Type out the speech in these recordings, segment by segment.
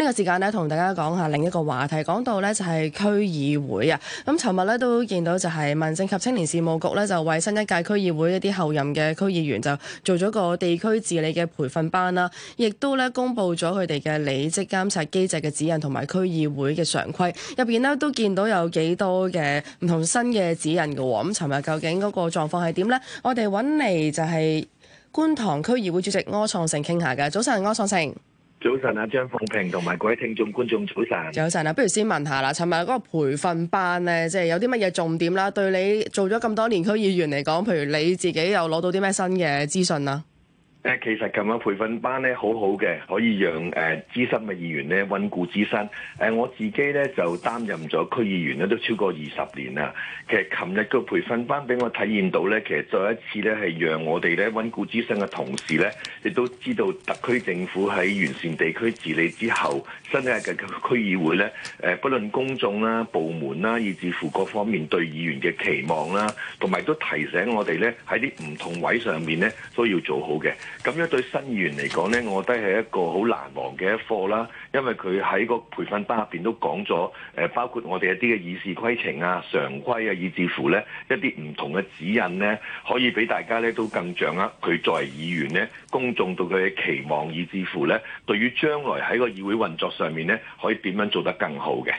呢個時間呢，同大家講下另一個話題，講到呢，就係區議會啊。咁尋日呢，都見到就係民政及青年事務局呢，就為新一屆區議會一啲後任嘅區議員就做咗個地區治理嘅培訓班啦，亦都呢，公佈咗佢哋嘅履職監察機制嘅指引同埋區議會嘅常規入面呢，都見到有幾多嘅唔同新嘅指引㗎喎。咁尋日究竟嗰個狀況係點呢？我哋揾嚟就係觀塘區議會主席柯創盛傾下嘅。早晨，柯創盛。早晨啊，張鳳平同埋各位聽眾觀眾，早晨。早晨啊，不如先問下啦，尋日嗰個培訓班咧，即係有啲乜嘢重點啦？對你做咗咁多年區議員嚟講，譬如你自己又攞到啲咩新嘅資訊啊？誒其實琴日培訓班咧好好嘅，可以讓誒資深嘅議員咧温故知新。誒我自己咧就擔任咗區議員咧都超過二十年啦。其實琴日個培訓班俾我體驗到咧，其實再一次咧係讓我哋咧温故知新嘅同時咧，亦都知道特區政府喺完善地區治理之後，新嘅區議會咧誒，不論公眾啦、部門啦，以至乎各方面對議員嘅期望啦，同埋都提醒我哋咧喺啲唔同位上面咧都要做好嘅。咁樣對新議員嚟講呢，我覺得係一個好難忘嘅一課啦，因為佢喺個培訓班入面都講咗，誒包括我哋一啲嘅議事規程啊、常規啊，以至乎呢一啲唔同嘅指引呢，可以俾大家呢都更掌握佢作為議員呢，公眾對佢嘅期望，以至乎呢對於將來喺個議會運作上面呢，可以點樣做得更好嘅。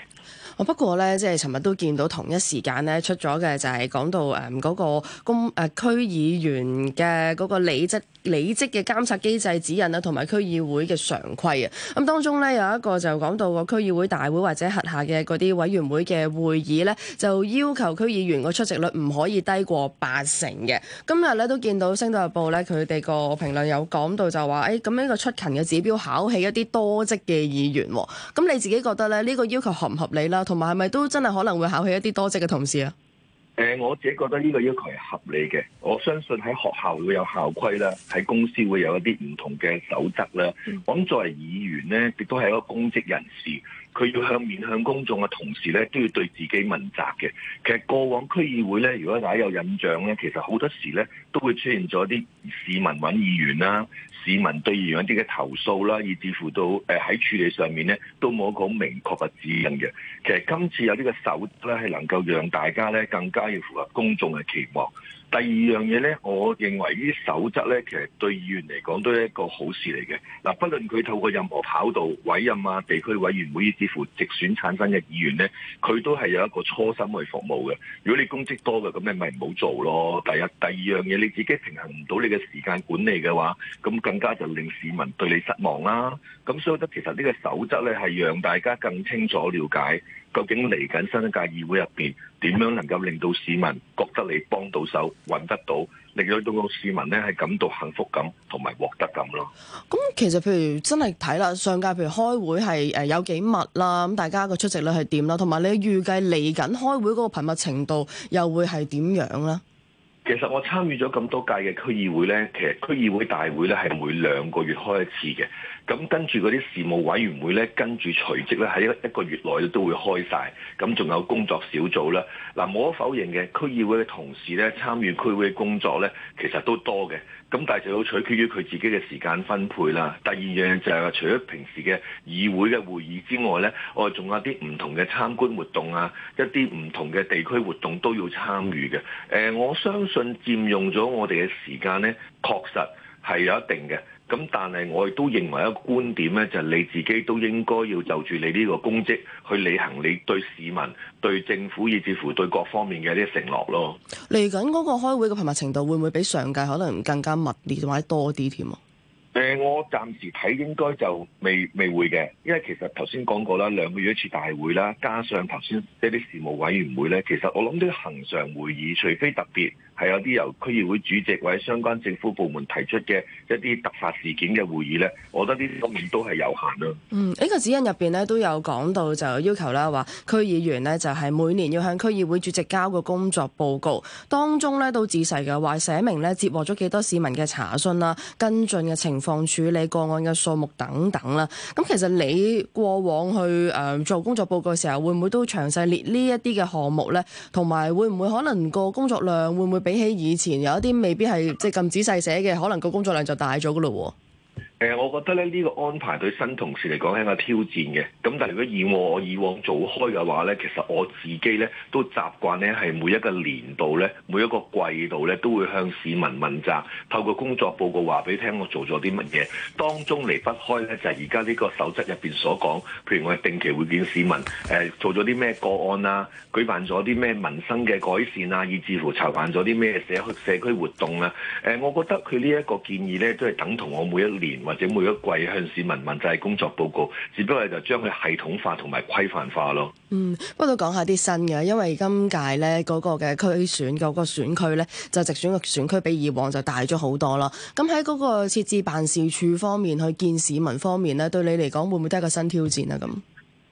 我不過咧，即係尋日都見到同一時間咧出咗嘅就係講到嗰、嗯那個公誒、呃、區議員嘅嗰個履職履職嘅監察機制指引啦、啊，同埋區議會嘅常規啊。咁、嗯、當中咧有一個就講到個區議會大會或者轄下嘅嗰啲委員會嘅會議咧，就要求區議員個出席率唔可以低過八成嘅。今日咧都見到《星島日報》咧佢哋個評論有講到就話誒，咁、哎、呢個出勤嘅指標考起一啲多職嘅議員喎、啊。咁你自己覺得咧呢、呢個要求合唔合理啦？同埋係咪都真係可能會考起一啲多職嘅同事啊？誒、呃，我自己覺得呢個要求係合理嘅，我相信喺學校會有校規啦，喺公司會有一啲唔同嘅守則啦。我諗作為議員咧，亦都係一個公職人士，佢要向面向公眾嘅同時咧，都要對自己問責嘅。其實過往區議會咧，如果大家有印象咧，其實好多時咧都會出現咗啲市民揾議員啦。市民對而家啲嘅投訴啦，以至乎到誒喺處理上面咧，都冇一個好明確嘅指引嘅。其實今次有呢個守則，係能夠讓大家咧更加要符合公眾嘅期望。第二樣嘢呢，我認為呢啲守則呢，其實對議員嚟講都係一個好事嚟嘅。嗱，不論佢透過任何跑道委任啊、地區委員會，甚至乎直選產生嘅議員呢，佢都係有一個初心去服務嘅。如果你公職多嘅，咁你咪唔好做咯。第一、第二樣嘢，你自己平衡唔到你嘅時間管理嘅話，咁更加就令市民對你失望啦。咁所以我覺得其實呢個守則呢，係讓大家更清楚了解。究竟嚟緊新一屆議會入邊，點樣能夠令到市民覺得你幫到手、揾得到，令到到個市民咧係感到幸福感同埋獲得感咯？咁其實譬如真係睇啦，上屆譬如開會係誒有幾密啦，咁大家個出席率係點啦？同埋你預計嚟緊開會嗰個頻密程度又會係點樣咧？其實我參與咗咁多屆嘅區議會咧，其實區議會大會咧係每兩個月開一次嘅。咁跟住嗰啲事務委員會咧，跟住隨即咧喺一一個月內都會開晒。咁仲有工作小組啦。嗱，冇可否認嘅，區議會嘅同事咧參與區會嘅工作咧，其實都多嘅。咁但係就要取決於佢自己嘅時間分配啦。第二樣就係話，除咗平時嘅議會嘅會議之外咧，我仲有啲唔同嘅參觀活動啊，一啲唔同嘅地區活動都要參與嘅。呃，我相信佔用咗我哋嘅時間咧，確實係有一定嘅。咁但係我亦都認為一個觀點咧，就係你自己都應該要就住你呢個公職去履行你對市民、對政府以至乎對各方面嘅一啲承諾咯。嚟緊嗰個開會嘅頻密程度會唔會比上屆可能更加密烈或者多啲添啊？誒、呃，我暫時睇應該就未未會嘅，因為其實頭先講過啦，兩個月一次大會啦，加上頭先一啲事務委員會咧，其實我諗都行常會議，除非特別。係有啲由區議會主席或者相關政府部門提出嘅一啲突發事件嘅會議呢，我覺得呢方面都係有限咯。嗯，呢個指引入邊咧都有講到就要求啦，話區議員呢，就係每年要向區議會主席交個工作報告，當中呢，都仔細嘅話寫明呢，接獲咗幾多市民嘅查詢啦、跟進嘅情況、處理個案嘅數目等等啦。咁其實你過往去誒做工作報告嘅時候，會唔會都詳細列呢一啲嘅項目呢？同埋會唔會可能個工作量會唔會比？比起以前有一啲未必係即係咁仔細寫嘅，可能個工作量就大咗噶咯。誒，我覺得咧呢個安排對新同事嚟講係一個挑戰嘅。咁但係如果以我我以往做開嘅話咧，其實我自己咧都習慣咧係每一個年度咧，每一個季度咧都會向市民問責，透過工作報告話俾你聽我做咗啲乜嘢。當中離不開咧就係而家呢個守則入邊所講，譬如我哋定期會見市民，誒做咗啲咩個案啊，舉辦咗啲咩民生嘅改善啊，以至乎籌辦咗啲咩社區社區活動啊。誒，我覺得佢呢一個建議咧都係等同我每一年，或者每一季向市民問責工作報告，只不過就將佢系統化同埋規範化咯。嗯，不過都講下啲新嘅，因為今屆呢嗰、嗰個嘅區選嗰、嗰個選區呢，就直選嘅選區比以往就大咗好多啦。咁喺嗰個設置辦事處方面去見市民方面呢，對你嚟講會唔會都係一個新挑戰啊？咁。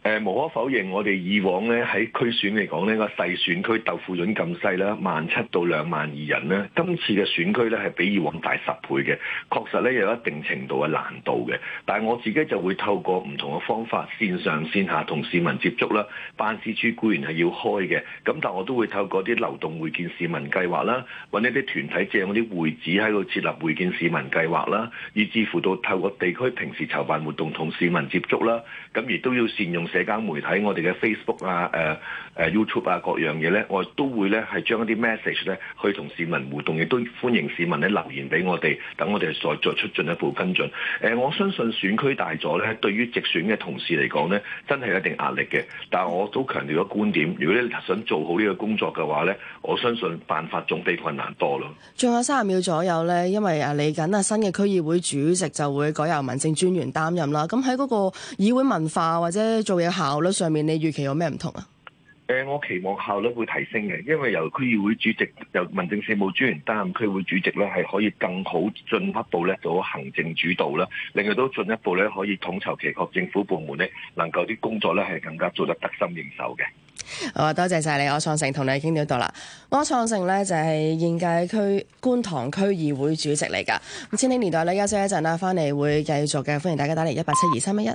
誒，無可否認，我哋以往咧喺區選嚟講呢個細選區豆腐潤咁細啦，萬七到兩萬二人啦。今次嘅選區咧係比以往大十倍嘅，確實咧有一定程度嘅難度嘅。但係我自己就會透過唔同嘅方法，線上線下同市民接觸啦。辦事處固然係要開嘅，咁但我都會透過啲流動會見市民計劃啦，揾一啲團體借用啲會址喺度設立會見市民計劃啦，以至乎到透過地區平時籌辦活動同市民接觸啦，咁亦都要善用社交媒體、我哋嘅 Facebook 啊、誒誒 YouTube 啊，各樣嘢咧，我都會咧係將一啲 message 咧去同市民互動，亦都歡迎市民咧留言俾我哋，等我哋再作出進一步跟進。誒，我相信選區大咗咧，對於直選嘅同事嚟講咧，真係有一定壓力嘅。但係我都強調一個觀點，如果你想做好呢個工作嘅話咧，我相信辦法總比困難多咯。仲有三十秒左右咧，因為啊，嚟緊啊，新嘅區議會主席就會改由民政專員擔任啦。咁喺嗰個議會文化或者做嘅效率上面，你的預期有咩唔同啊？誒、呃，我期望效率會提升嘅，因為由區議會主席，由民政事務專員擔任區會主席咧，係可以更好進一步咧做行政主導啦，令佢都進一步咧可以統籌其各政府部門咧能夠啲工作咧係更加做得得心應手嘅。好，多謝晒你，柯創盛同你傾咗到啦。柯創盛咧就係、是、現屆區觀塘區議會主席嚟噶。咁千禧年代呢，休息一陣啦，翻嚟會繼續嘅。歡迎大家打嚟一八七二三一一。